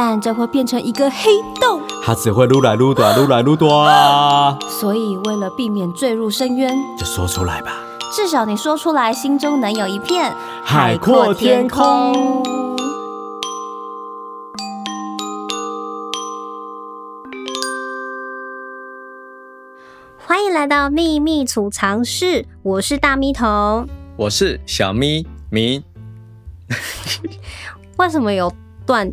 但這會變成一個黑洞，它只會愈來愈短，短，愈來愈大。所以為了避免墜入深淵，就說出來吧。至少你說出來，心中能有一片海闊天，天空。歡迎來到秘密儲藏室，我是大咪童，我是小咪咪。 為什麼有段？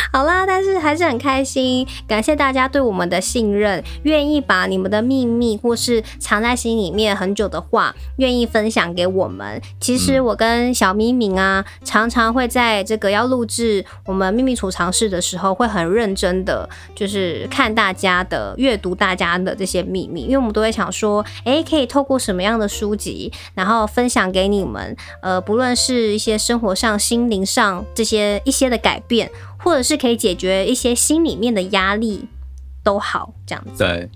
好啦，但是還是很開心，感謝大家對我們的信任，願意把你們的秘密或是藏在心裡面很久的話，願意分享給我們。其實我跟小咪咪啊，常常會在這個要錄製我們秘密儲藏室的時候，會很認真的就是看大家的，閱讀大家的這些秘密，因為我們都會想說，哎、欸，可以透過什麼樣的書籍，然後分享給你們，呃，不論是一些生活上、心靈上這些一些的改變。或者是可以解決一些心裡面的壓力，都好這樣子。對，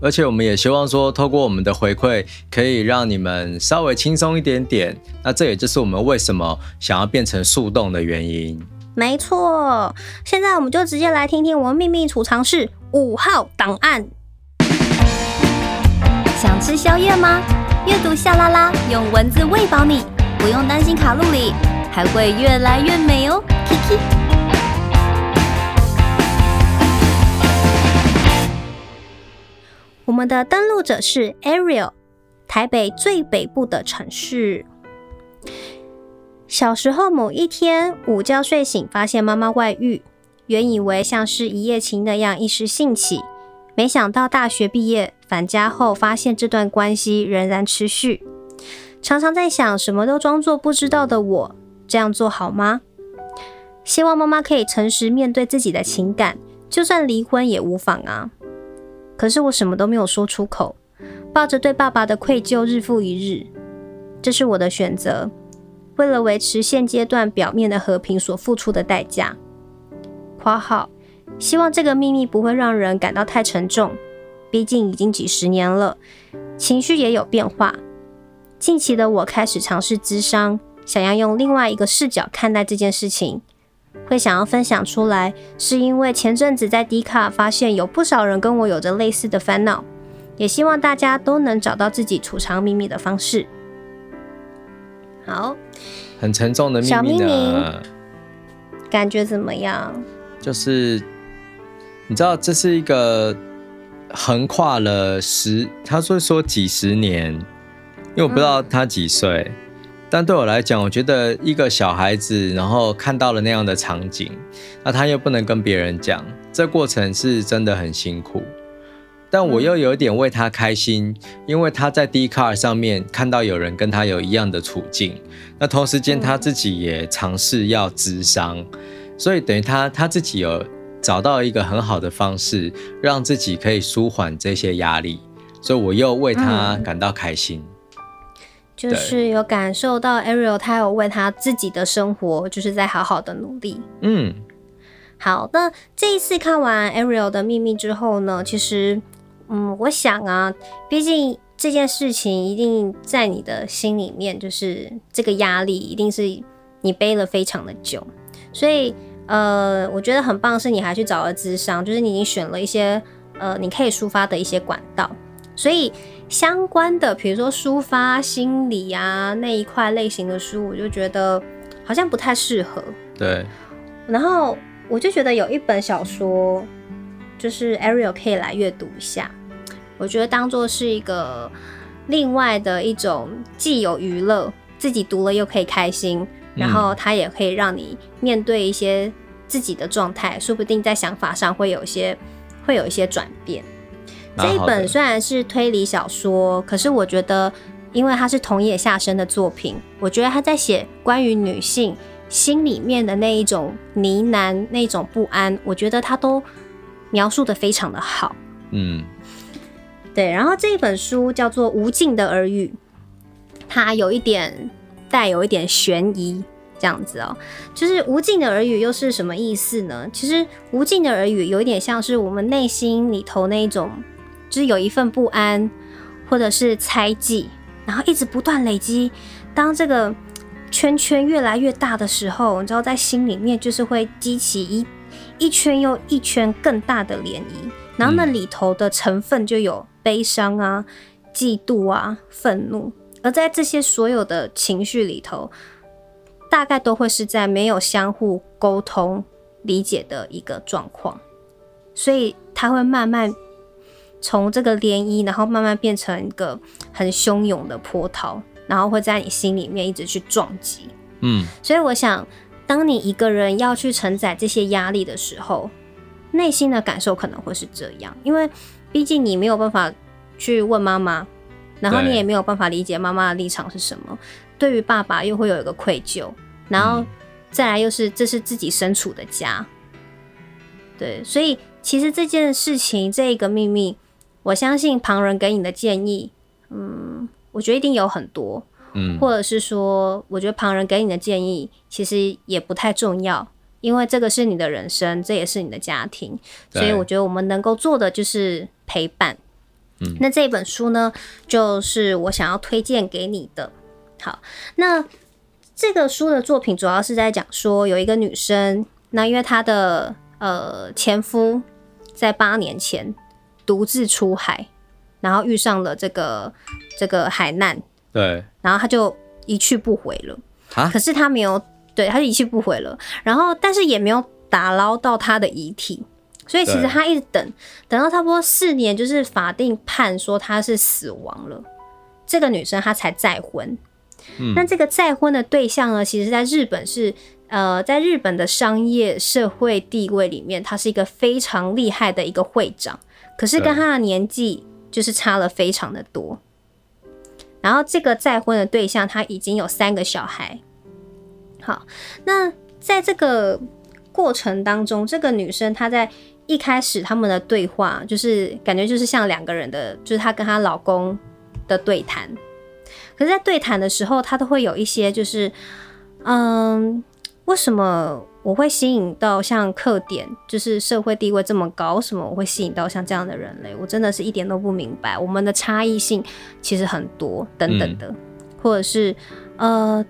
而且我們也希望說，透過我們的回饋，可以讓你們稍微輕鬆一點點。那這也就是我們為什麼想要變成樹洞的原因。沒錯，現在我們就直接來聽聽我們祕密儲藏室五號檔案。想吃宵夜嗎？閱讀夏 LaLa 用文字餵飽你，不用擔心卡路里，還會越來越美哦，童童我們的登錄者是 Ariel，台北最北部的城市。小時候某一天午覺睡醒，發現媽媽外遇，原以為像是一夜情那樣一時興起，沒想到大學畢業返家後，發現這段關係仍然持續。常常在想，什麼都裝作不知道的我，這樣做好嗎？希望媽媽可以誠實面對自己的情感，就算離婚也無妨啊。可是我什麼都沒有說出口，抱着對爸爸的愧疚，日復一日。這是我的選擇，為了維持現階段表面的和平所付出的代價。（括號）希望這個祕密不會讓人感到太沉重，畢竟已經幾十年了，情緒也有變化。近期的我開始嘗試諮商，想要用另外一個視角看待這件事情。會想要分享出來，是因為前陣子在 Dcard 發現有不少人跟我有着類似的煩惱，也希望大家都能找到自己儲藏祕密的方式。好，很沉重的祕密呢、啊，小祕密，感覺怎麼樣？就是你知道，這是一個橫跨了十，他說說幾十年，因為我不知道他幾歲。嗯但對我來講，我覺得一個小孩子，然後看到了那樣的場景，那他又不能跟別人講，這過程是真的很辛苦。但我又有點為他開心，因為他在 Dcard 上面看到有人跟他有一樣的處境，那同時間他自己也嘗試要諮商，嗯，所以等於他他自己有找到一個很好的方式，讓自己可以舒緩這些壓力，所以我又為他感到開心。嗯就是有感受到莉莉安，他有為他自己的生活就是在好好的努力。嗯，好，那這一次看完莉莉安的祕密之後呢，其實，嗯，我想啊，畢竟這件事情一定在你的心裡面，就是這個壓力一定是你背了非常的久，所以，呃，我覺得很棒是你還去找了諮商，就是你已經選了一些呃，你可以抒發的一些管道，所以。相關的，比如說抒發心理啊，那一塊類型的書，我就覺得好像不太適合。對。然後我就覺得有一本小說，就是 Ariel 可以來閱讀一下，我覺得當做是一個另外的一種，既有娛樂，自己讀了又可以開心，然後它也可以讓你面對一些自己的狀態，嗯，說不定在想法上會有些會有一些轉變。這一本雖然是推理小說，啊、可是我覺得，因為它是桐野夏生的作品，我覺得他在寫關於女性心裡面的那一種呢喃、那種不安，我覺得他都描述的非常的好。嗯，對。然後這一本書叫做《無盡的耳語》，它有一點帶有一點懸疑這樣子哦、喔。就是“無盡的耳語”又是什麼意思呢？其實“無盡的耳語”有一點像是我們內心裡頭那一種。就是有一份不安，或者是猜忌，然後一直不斷累積。當這個圈圈越來越大的時候，你知道，在心裡面就是會激起一一圈又一圈更大的漣漪。然後那裡頭的成分就有悲傷啊、嫉妒啊、憤怒。而在這些所有的情緒裡頭，大概都會是在沒有相互溝通理解的一個狀況，所以他會慢慢。從這個漣漪，然後慢慢變成一個很洶湧的波濤，然後會在你心裡面一直去撞擊。嗯，所以我想，當你一個人要去承載這些壓力的時候，內心的感受可能會是這樣，因為畢竟你沒有辦法去問媽媽，然後你也沒有辦法理解媽媽的立場是什麼。對於爸爸，又會有一個愧疚，然後再來又是、嗯、這是自己身處的家，對，所以其實這件事情，這一個秘密。我相信旁人給你的建議，嗯，我覺得一定有很多，嗯，或者是說，我覺得旁人給你的建議其實也不太重要，因為這個是你的人生，這也是你的家庭，所以我覺得我們能夠做的就是陪伴。嗯，那這本書呢，就是我想要推薦給你的。好，那這個書的作品主要是在講說，有一個女生，那因為她的呃前夫在八年前。獨自出海，然後遇上了這個這個海難，對，然後他就一去不回了。啊！可是他沒有對，他就一去不回了。然後，但是也沒有打撈到他的遺體，所以其實他一直等，等到差不多四年，就是法定判說他是死亡了。這個女生她才再婚。那、嗯、這個再婚的對象呢，其實在日本是呃，在日本的商業社會地位裡面，他是一個非常厲害的一個會長。可是跟他的年紀就是差了非常的多，然後這個再婚的對象他已經有三個小孩，好，那在這個過程當中，這個女生她在一開始他們的對話就是感覺就是像兩個人的，就是她跟她老公的對談，可是在對談的時候，她都會有一些就是，嗯，為什麼？我會吸引到像克典，就是社會地位這麼高什麼，我會吸引到像這樣的人類？我真的是一點都不明白，我們的差異性其實很多等等的，嗯、或者是呃，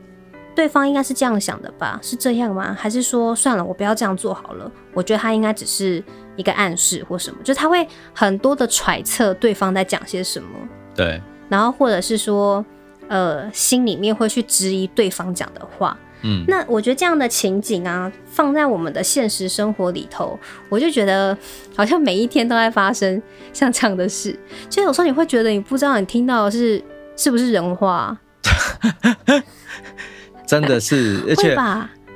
對方應該是這樣想的吧？是這樣嗎？還是說算了，我不要這樣做好了？我覺得他應該只是一個暗示或什麼，就是他會很多的揣測對方在講些什麼。對，然後或者是說呃，心裡面會去質疑對方講的話。嗯，那我覺得這樣的情景啊，放在我們的現實生活裡頭，我就覺得好像每一天都在發生像這樣的事。其實有時候你會覺得你不知道你聽到的是是不是人話、啊， 真的是，而且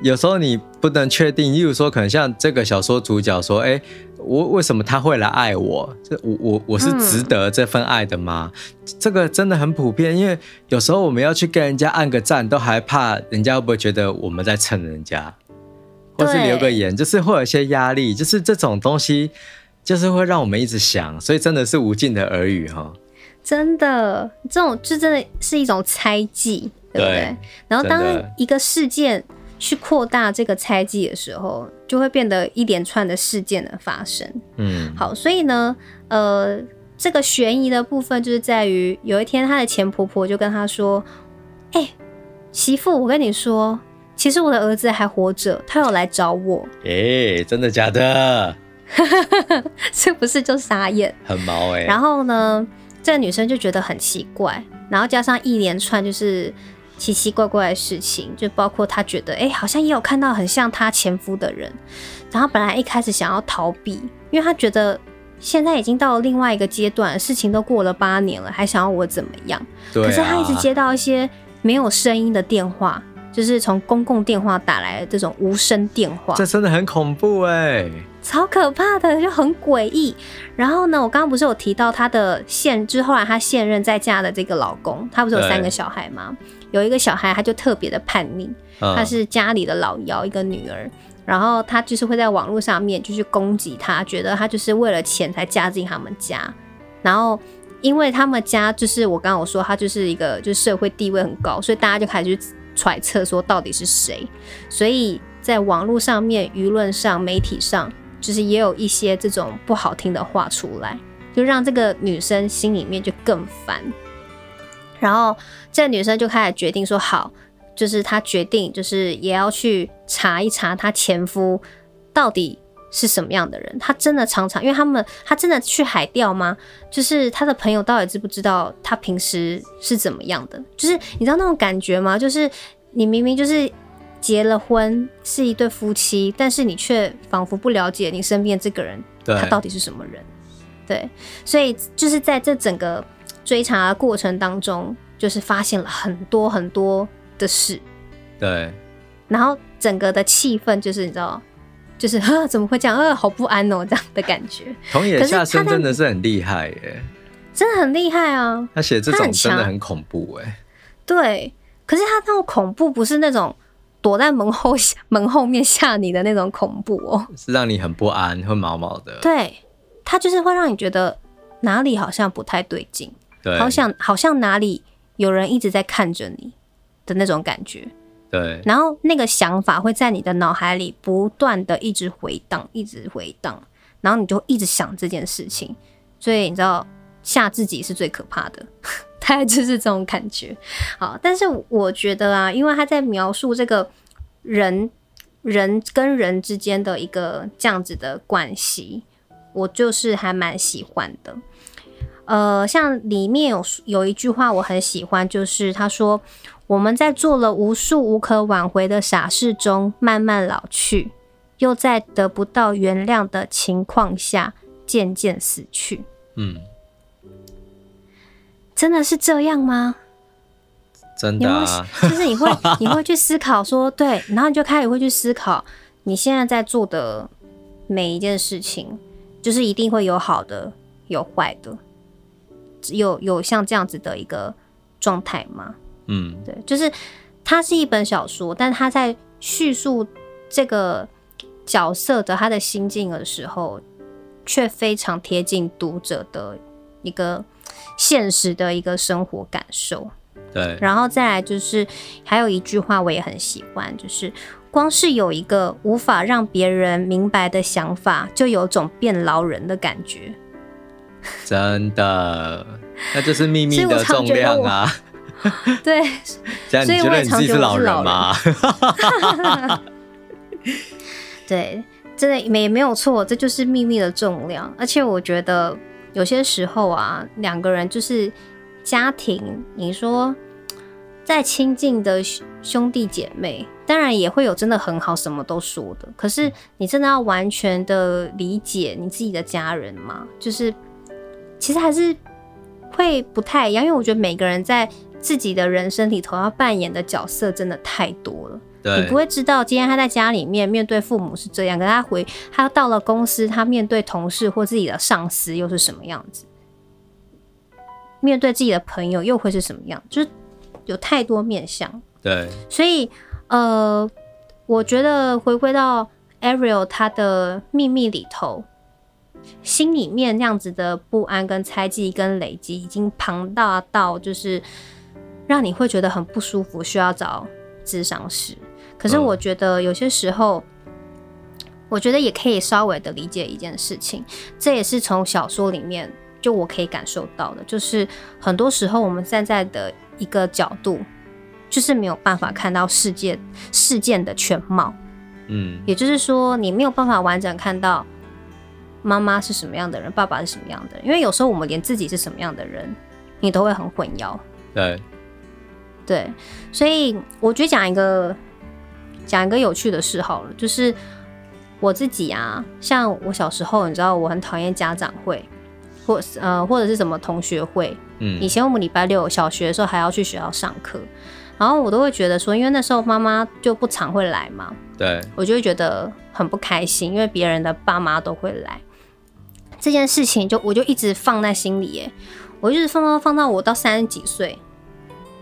有時候你不能確定。例如說，可能像這個小說主角說：“哎、欸。”我為什麼他會來愛我？這我我我是值得這份愛的嗎？嗯，這個真的很普遍，因為有時候我們要去跟人家按個讚，都還怕人家會不會覺得我們在蹭人家，或是留個言，就是會有一些壓力。就是這種東西，就是會讓我們一直想，所以真的是無盡的耳語哈。真的，這種就真的是一種猜忌，對不對？對，然後當一個事件。去擴大這個猜忌的時候，就會變得一連串的事件的發生。嗯，好，所以呢，呃，這個懸疑的部分就是在於，有一天她的前婆婆就跟她說：“哎、欸，媳婦，我跟你說，其實我的兒子還活着，他有來找我。”欸、哎，真的假的？ 是不是就傻眼？很毛哎、欸。然後呢，這個女生就覺得很奇怪，然後加上一連串就是。奇奇怪怪的事情，就包括她覺得，哎、欸，好像也有看到很像她前夫的人。然後本來一開始想要逃避，因為她覺得現在已經到了另外一個階段，事情都過了八年了，還想要我怎麼樣？啊、可是她一直接到一些沒有聲音的電話，就是從公共電話打來的這種無聲電話。這真的很恐怖哎、欸。超可怕的，就很詭異。然後呢，我剛剛不是有提到她的現，就是後來她現任再嫁的這個老公，他不是有三個小孩嗎、哎？有一個小孩他就特別的叛逆，他是家裡的老幺、啊，一個女兒。然後他就是會在網絡上面就去攻擊他，覺得他就是為了錢才嫁進他們家。然後因為他們家就是我剛剛我說他就是一個就是社會地位很高，所以大家就開始去揣測說到底是誰。所以在網絡上面、輿論上、媒體上。就是也有一些這種不好聽的話出來，就讓這個女生心裡面就更煩，然後這個女生就開始決定說好，就是她決定就是也要去查一查她前夫到底是什麼樣的人，她真的常常，因為他們，她真的去海釣嗎？就是她的朋友到底知不知道她平時是怎麼樣的？就是你知道那種感覺嗎？就是你明明就是。結了婚是一對夫妻，但是你卻仿佛不了解你身邊這個人，他到底是什麼人？對，所以就是在這整個追查的過程當中，就是發現了很多很多的事。對，然後整個的氣氛就是你知道，就是啊怎麼會這樣？呃，好不安哦、喔、這樣的感覺。桐野夏生真的是很厲害耶，真的很厲害啊！他寫這種真的很恐怖哎，對，可是他那種恐怖不是那種。躲在門後門後面嚇你的那種恐怖哦，是讓你很不安、會毛毛的。對，它就是會讓你覺得哪裡好像不太對勁，好像好像哪裡有人一直在看着你的，的那種感覺。對，然後那個想法會在你的腦海裡不斷的一直回盪，一直回盪，然後你就一直想這件事情。所以你知道，嚇自己是最可怕的。大概就是這種感覺，好，但是我覺得啊，因為他在描述這個人人跟人之間的一個這樣子的關係，我就是還蠻喜歡的。呃，像裡面有有一句話我很喜歡，就是他說，我們在做了無數無可挽回的傻事中慢慢老去，又在得不到原諒的情況下漸漸死去。嗯。真的是這樣嗎？真的啊，你有沒有，就是你會，你會去思考說，對，然後你就開始會去思考你現在在做的每一件事情，就是一定會有好的，有壞的，有有像這樣子的一個狀態嗎？嗯，對，就是它是一本小說，但它在敘述這個角色的他的心境的時候，卻非常貼近讀者的一個。現實的一個生活感受。對，然後再來就是，還有一句話我也很喜歡，就是光是有一個無法讓別人明白的想法，就有種變老人的感覺。真的，那就是秘密的重量啊！ 對，所以我覺得你覺得是老人嗎？ 對，真的沒沒有錯，這就是秘密的重量。而且我覺得。有些時候啊，兩個人就是家庭，你說再親近的兄弟姐妹，當然也會有真的很好、什麼都說的。可是你真的要完全的理解你自己的家人嗎？就是其實還是會不太一樣，因為我覺得每個人在自己的人生裡頭要扮演的角色真的太多了。你不會知道今天他在家裡面面對父母是這樣，可他回他到了公司，他面對同事或自己的上司又是什麼樣子？面對自己的朋友又會是什麼樣？就是有太多面向。對，所以呃，我覺得回歸到 Ariel 他的祕密裡頭，心裡面那樣子的不安、跟猜忌、跟累積已經龐大到，就是讓你會覺得很不舒服，需要找諮商師。可是我覺得有些時候，oh. 我覺得也可以稍微的理解一件事情。這也是從小說裡面就我可以感受到的，就是很多時候我們站在的一個角度，就是沒有辦法看到世界事件的全貌。嗯，也就是說，你沒有辦法完整看到媽媽是什麼樣的人，爸爸是什麼樣的人。因為有時候我們連自己是什麼樣的人，你都會很混淆。對，對，所以我覺得講一個。講一個有趣的事好了，就是我自己啊。像我小時候，你知道我很討厭家長會，或呃或者是什麼同學會，嗯，以前我們禮拜六小學的時候還要去學校上課，然後我都會覺得說，因為那時候媽媽就不常會來嘛，對，我就會覺得很不開心，因為別人的爸媽都會來，這件事情就我就一直放在心裡，欸，耶，我一直放到放到我到三十幾歲，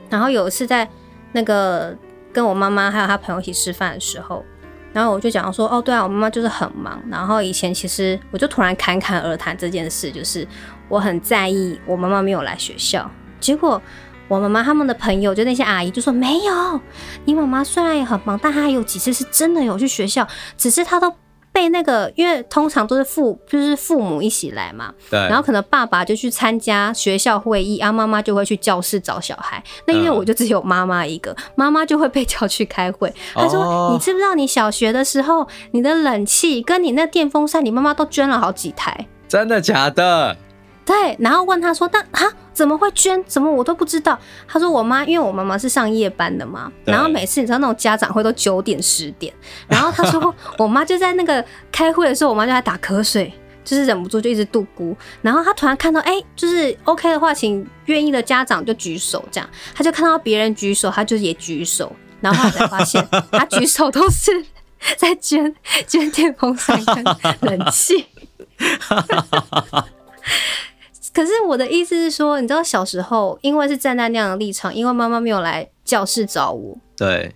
然後有一次在那個。跟我媽媽還有她朋友一起吃飯的時候，然後我就講說，哦，對啊，我媽媽就是很忙。然後以前其實我就突然侃侃而談這件事，就是我很在意我媽媽沒有來學校。結果我媽媽他們的朋友就那些阿姨就說，沒有，你媽媽雖然也很忙，但她還有幾次是真的有去學校，只是她都。被那個，因為通常都是父就是父母一起來嘛，對，然後可能爸爸就去參加學校會議啊，媽媽就會去教室找小孩。那因為我就只有媽媽一個，嗯，媽媽就會被叫去開會。他說，哦：“你知不知道你小學的時候，你的冷氣跟你那電風扇，你媽媽都捐了好幾台？真的假的？”對，然後問他說：“但啊怎麼會捐？怎麼我都不知道？”他說：“我媽，因為我媽媽是上夜班的嘛，然後每次你知道那種家長會都九點十點，然後他說 我媽就在那個開會的時候，我媽就在打瞌睡，就是忍不住就一直度咕，然後他突然看到，哎、欸，就是 OK 的話，請願意的家長就舉手，這樣他就看到別人舉手，他就也舉手，然後後來才發現， 他舉手都是在捐捐電風扇跟冷氣。”可是我的意思是說，你知道小時候，因為是站在那樣的立場，因為媽媽沒有來教室找我，對。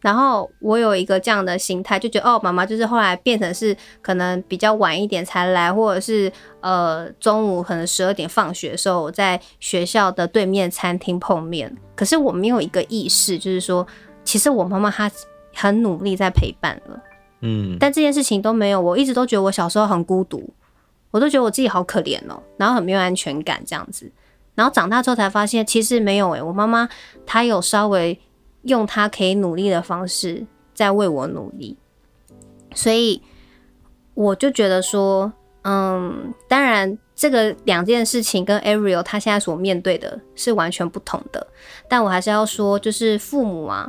然後我有一個這樣的心態，就覺得哦，媽媽就是後來變成是可能比較晚一點才來，或者是呃、中午可能十二點放學的時候，我在學校的對面餐廳碰面。可是我沒有一個意識，就是說，其實我媽媽她很努力在陪伴了，嗯。但這件事情都沒有，我一直都覺得我小時候很孤獨。我都覺得我自己好可憐哦，然後很沒有安全感這樣子，然後長大之後才發現其實沒有誒，我媽媽她有稍微用她可以努力的方式在為我努力，所以我就覺得說，嗯，當然這個兩件事情跟 Ariel 她現在所面對的是完全不同的，但我還是要說，就是父母啊。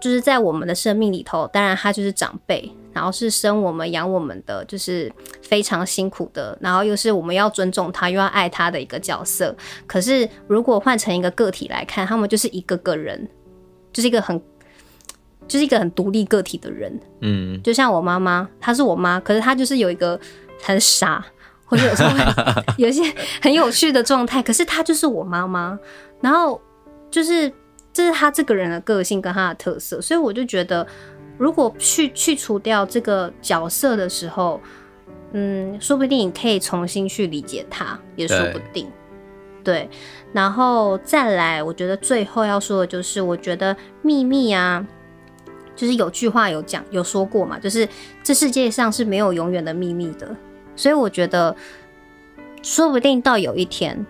就是在我們的生命裡頭，當然他就是長輩，然後是生我們養我們的，就是非常辛苦的，然後又是我們要尊重他又要愛他的一個角色。可是如果換成一個個體來看，他們就是一個個人，就是一個很就是一個很獨立個體的人。嗯，就像我媽媽，她是我媽，可是她就是有一個很傻，或者有時候有一些很有趣的狀態， 可是她就是我媽媽。然後就是。這是他這個人的個性跟他的特色，所以我就覺得，如果去去除掉這個角色的時候，嗯，說不定你可以重新去理解他，也說不定。對，對，然後再來，我覺得最後要說的就是，我覺得秘密啊，就是有句話有講有說過嘛，就是這世界上是沒有永遠的秘密的，所以我覺得，說不定到有一天，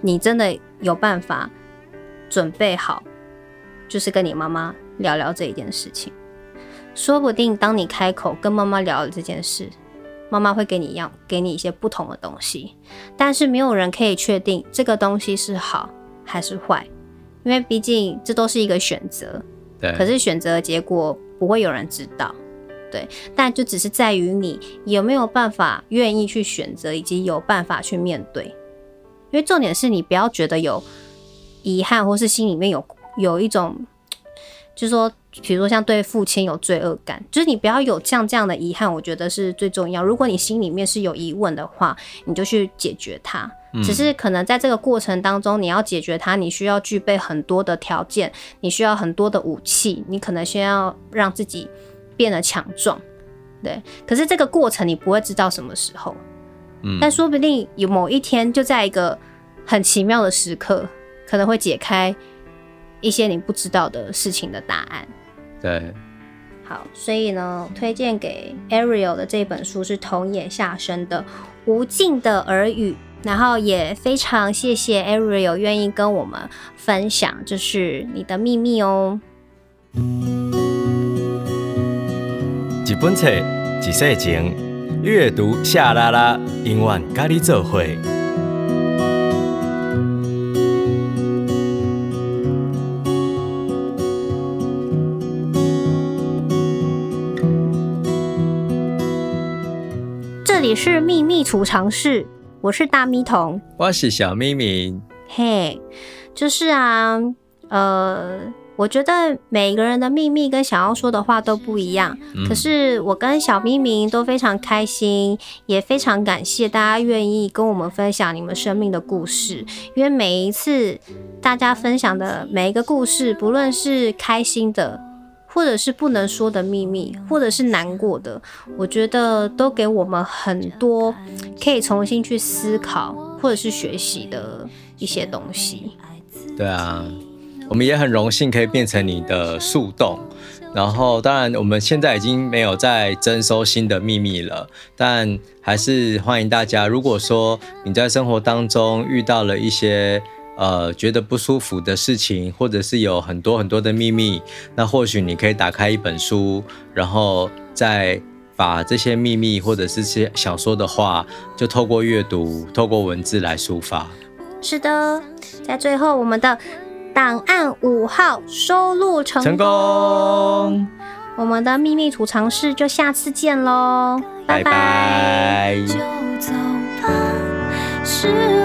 你真的有辦法。準備好，就是跟你媽媽聊聊這一件事情。說不定當你開口跟媽媽聊了這件事，媽媽會給你一樣，給你一些不同的東西。但是沒有人可以確定這個東西是好還是壞，因為畢竟這都是一個選擇。對。可是選擇的結果不會有人知道。對。但就只是在於你有沒有辦法願意去選擇，以及有辦法去面對。因為重點是你不要覺得有。遺憾，或是心裡面有有一種，就是說，比如說像對父親有罪惡感，就是你不要有這樣這樣的遺憾，我覺得是最重要。如果你心裡面是有疑問的話，你就去解決它。只是可能在這個過程當中，你要解決它，你需要具備很多的條件，你需要很多的武器，你可能先要讓自己變得強壯，對。可是這個過程你不會知道什麼時候，但說不定有某一天，就在一個很奇妙的時刻。可能會解開一些你不知道的事情的答案。對，好，所以呢，推薦給 Ariel 的這本書是桐野夏生的《無盡的耳語》，然後也非常謝謝 Ariel 願意跟我們分享，就是你的秘密哦、喔。一本冊，一世情，閱讀夏拉拉，永遠跟你做伙也是祕密儲藏室，我是大咪童，我是小咪咪。嘿，Hey，就是啊，呃，我覺得每一個人的祕密跟想要說的話都不一樣、嗯。可是我跟小咪咪都非常開心，也非常感謝大家願意跟我們分享你們生命的故事，因為每一次大家分享的每一個故事，不論是開心的。或者是不能說的祕密，或者是難過的，我覺得都給我們很多可以重新去思考或者是學習的一些東西。對啊，我們也很榮幸可以變成你的樹洞。然後，當然我們現在已經沒有再徵收新的祕密了，但還是歡迎大家。如果說你在生活當中遇到了一些，呃，覺得不舒服的事情，或者是有很多很多的祕密，那或許你可以打開一本書，然後再把這些祕密，或者是些想說的話，就透過閱讀，透過文字來抒發。是的，在最後，我們的檔案五號收錄成功。成功。我們的祕密儲藏室就下次見嘍，拜拜。拜拜就走啊是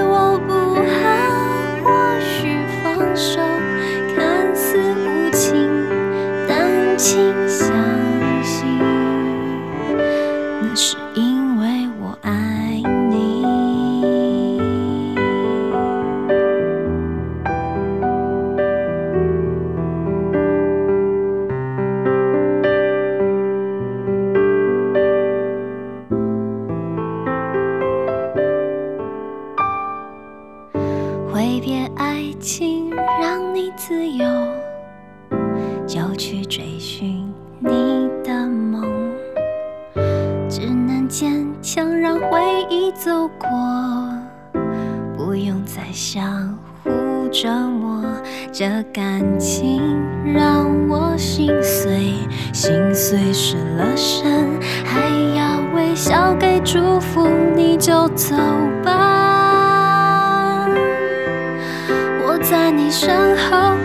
離別愛情，讓你自由，就去追尋你的夢。只能堅強，讓回憶走過，不用再相互折磨。這感情讓我心碎，心碎失了神，還要微笑給祝福，你就走。你身後。